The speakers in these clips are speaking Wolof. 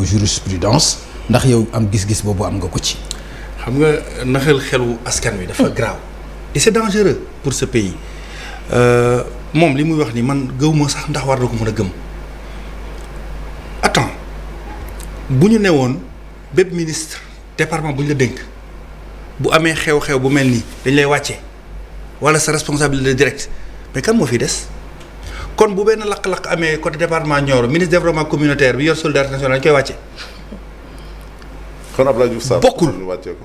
aux jurisprudence ndax yow am gis-gis boobu am nga ko ci. xam nga naxal xelu askan wi dafa grave et c'est dangereux pour ce pays euh, moom li muy wax ni man gëw ma sax ndax war na ko mën a gëm. attends bu ñu ne woon bépp ministre département bu ñu la dénk bu amee xew-xew bu mel nii dañ lay wàcce wala sa responsabilité directe mais kan moo fi des. kon bu benn lakk-lakk amee côté département Nioro ministre développement communautaire bi yor solidarité nationale dañ koy wàcce. bokkul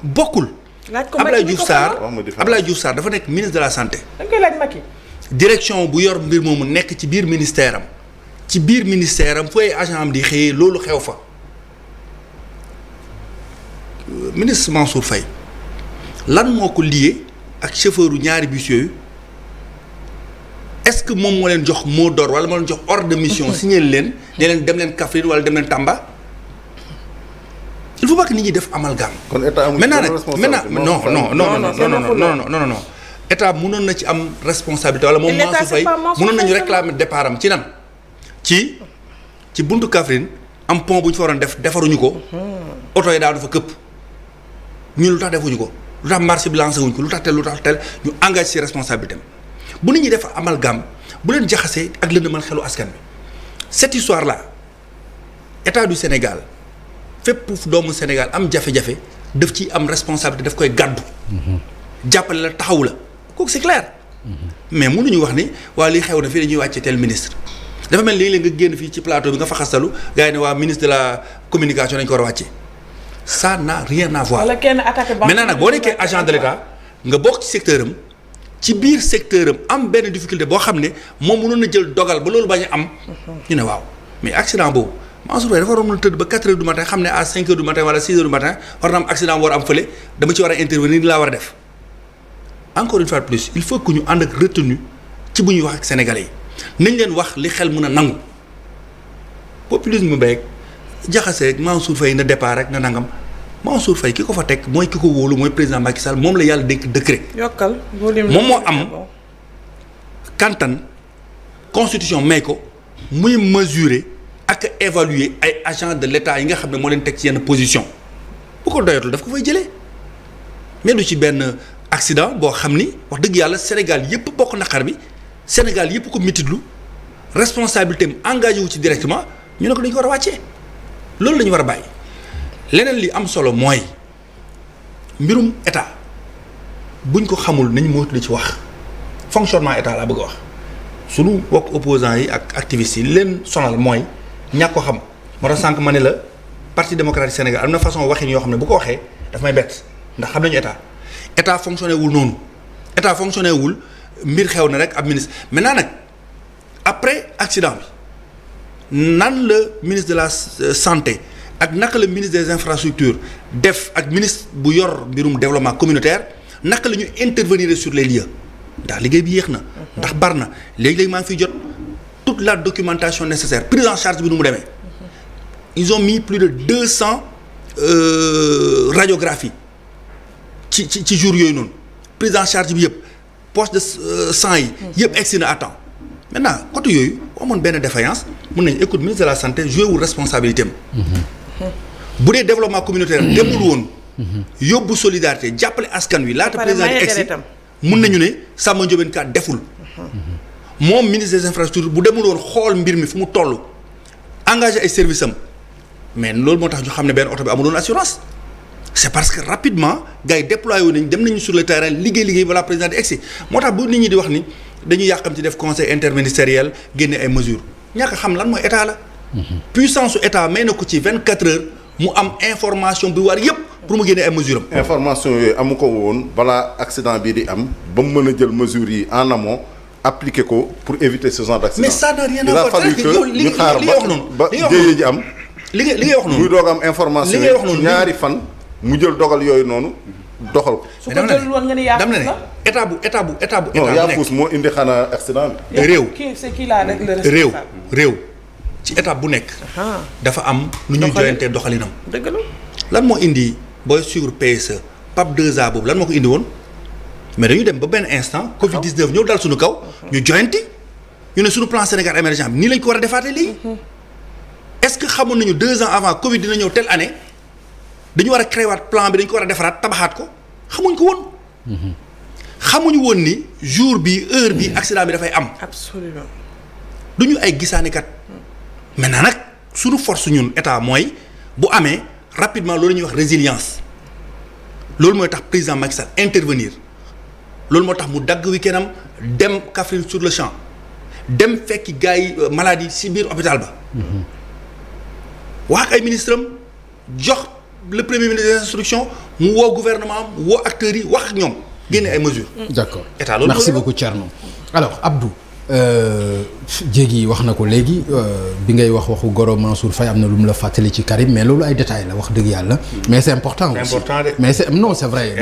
bokkul. laaj ko Abdoulaye Diouf Sarr Abdoulaye Diouf Sarr dafa nekk ministre de la santé. dañ koy direction bu yor mbir moomu nekk ci biir ministère am ci biir ministère am fooy agent am di xëyee loolu xew fa. Euh, ministre Mansour Faye lan moo ko lié ak chauffeuru ñaari bus yooyu. est-ce que moom moo leen jox mot d'ordre wala moo leen jox ordre de mission signé leen ne leen dem leen Kaffrine wala dem leen Tamba il faut pas que nit ñi def amalgame. kon état amul maintenant nag maintenant non non non non non non non non non état mënoon na ci am responsabilité wala moom Mansour Faye mënoon nañu réclamer départ am ci nan ci ci buntu Kaffrine am pont bu ñu fa waroon def defaruñu ko oto yi daanu fa këpp ñun lu tax defuñu ko lu tax marché bi lancé wuñ ko lu tax tel lu tax tel ñu engagé ci responsabilité am bu nit ñi def amalgame bu leen jaxasee ak lëndëmal xelu askan bi cette histoire là état du Sénégal fépp doomu Sénégal am jafe-jafe daf ci am responsabilité daf koy gàddu. Mhm. jàppale la taxaw la kooku c'est clair. Mhm. mais mënuñu wax ni waa li xew na fii dañuy wàcce tel ministre. dafa mel ni léeg-léeg nga génn fii ci plateau bi nga fa xastalu gars yi waa ministre de la communication dañ ko war a wàcce ça n'a naa à voir. wala kenn attaqué maintenant nag boo nekkee agent de l'État nga bokk ci secteur am. ci biir secteur am am benn difficulté boo xam ne moom mu mënoon na jël dogal ba loolu bañ am. Mhm. ñu ne waaw mais accident boobu Mansour Faye dafa waroon a tëdd ba 4 heures du matin xam ne à 5 heures du matin wala 6 heures du matin war na am accident war am fële dama ci war a intervenir laa war a def encore une fois plus il faut que ñu ànd ak retenu ci bu ñuy wax ak sénégalais yi nañ leen wax li xel mun a nangu populisme beeg jaxaseeg Mansour Faye na départ rek na nangam. Mansour Faye ki ko fa teg mooy ki ko wóolu mooy président Macky Sall moom la yàlla dénk décret. yokkal moom moo am kantan constitution ko muy ak évaluer ay agents de l'état yi nga xam ne moo leen teg ci yenn position ko doyatul daf ko fay jëlee mais ci benn accident boo xam ni wax dëgg yàlla Sénégal yëpp bokk naqar bi Sénégal yëpp ko mititlu responsabilité am wu ci directement ñu ne ko dañu ko war a wàccee loolu la war a bàyyi. leneen li am solo mooy mbirum état buñ ko xamul nañ moytu li ci wax fonctionnement état laa bëgg a wax suñu bokk opposants yi ak activistes yi leen sonal mooy ñàkk ko xam moo tax sànq ma ne la parti démocratique Sénégal am na façon waxin yoo xam ne bu ko waxee daf may bett ndax xam nañu état état fonctionné wul noonu état fonctionné wul mbir xew na rek ab ministre maintenant nag après accident bi nan la ministre de la santé ak naka la ministre des infrastructures def ak ministre bu yor mbirum développement communautaire naka la ñu intervenir sur les lieux ndax liggéey bi yéex na. ndax bar na léegi-léegi maa ngi fiy jot toute la documentation nécessaire prise en charge bi nu mu demee. ils ont mis plus de deux cent euh, radiographies ci ci ci jour yooyu noonu prise en charge bi yëpp poche de euh, sang yi. yëpp egsi na à temps maintenant côté yooyu amoon benn défaillance mun nañu écoute ministre la santé joué wul bu dee développement communautaire demul woon. yóbbu solidarité jàppale askan wi. laata président di egsi mun nañu ne Samba Ndiobène Ka deful. moom ministre des infrastructures bu demul woon xool mbir mi fu mu toll. engagé ay services am mais loolu moo tax ñu xam ne benn oto bi amuloon assurance. c' parce que rapidement gars yi déployé wu nañ dem nañu sur le terrain liggéey liggéey balaa président di egsi moo tax bu nit ñi di wax ni dañu yàqam ci def conseil interministériel génne ay mesures ñàkk xam lan mooy état la. Mhm. puissance su état ko ci vingt quatre heures. mu am information bi war yëpp pour mu génnee ay mesure am. information yooyu amu ko woon balaa accident bii di am ba mu mën a jël mesures yi en amont appliquer ko pour éviter saison genre d' accident. mais ça n'a rien ñu xaar ba ba jéye ji am. li nga li ngay wax noonu muy doog am information yi ñaari fan mu jël dogal yooyu noonu doxal ko. su ko jëlul woon nga ni yaa ne état bu état bu état bu. état moo indi xanaa accident bi. réew kii c'est kii laa rek réew réew. ci étape bu nekk. dafa am nu ñuy joyantee doxalinam. dëgg la lan moo indi booy suivre PSE PAP 2A boobu lan moo ko indi woon mais dañu dem ba benn instant. Covid 19 ñëw dal suñu kaw. ñu joyanti ñu ne suñu plan Sénégal émergent bi nii lañ ko war a defaatee léegi. est-ce que xamoon nañu deux ans avant Covid dina ñëw telle année dañu war a créé plan bi dañ ko war a defaraat tabaxaat ko xamuñ ko woon. Mhm. xamuñu woon ni jour bi heure bi mhm. accident bi dafay am. du ñu ay gisaanekat. maintenant nag suñu force ñun état mooy bu amee rapidement loolu ñuy wax résilience loolu mooy tax président Macky Sall intervenir loolu moo tax mu dagg wi kenam dem Kaffrine sur le champ dem fekki gars yi euh, maladie ci biir hôpital ba. Mm-hmm. wax ak ay ministre am jox le premier ministre des instructions mu woo gouvernement am woo acteurs yi wax ak ñoom génne ay mesures. d'accord état loolu merci beaucoup Thierno alors Abdou. Euh, jéegi wax na ko léegi euh, bi ngay wax waxu Goro Mansour Faye am na lu mu la fàttali ci Karim mais loolu ay détails la wax dëgg yàlla. mais c'est important. mais c'est non c'est vrai.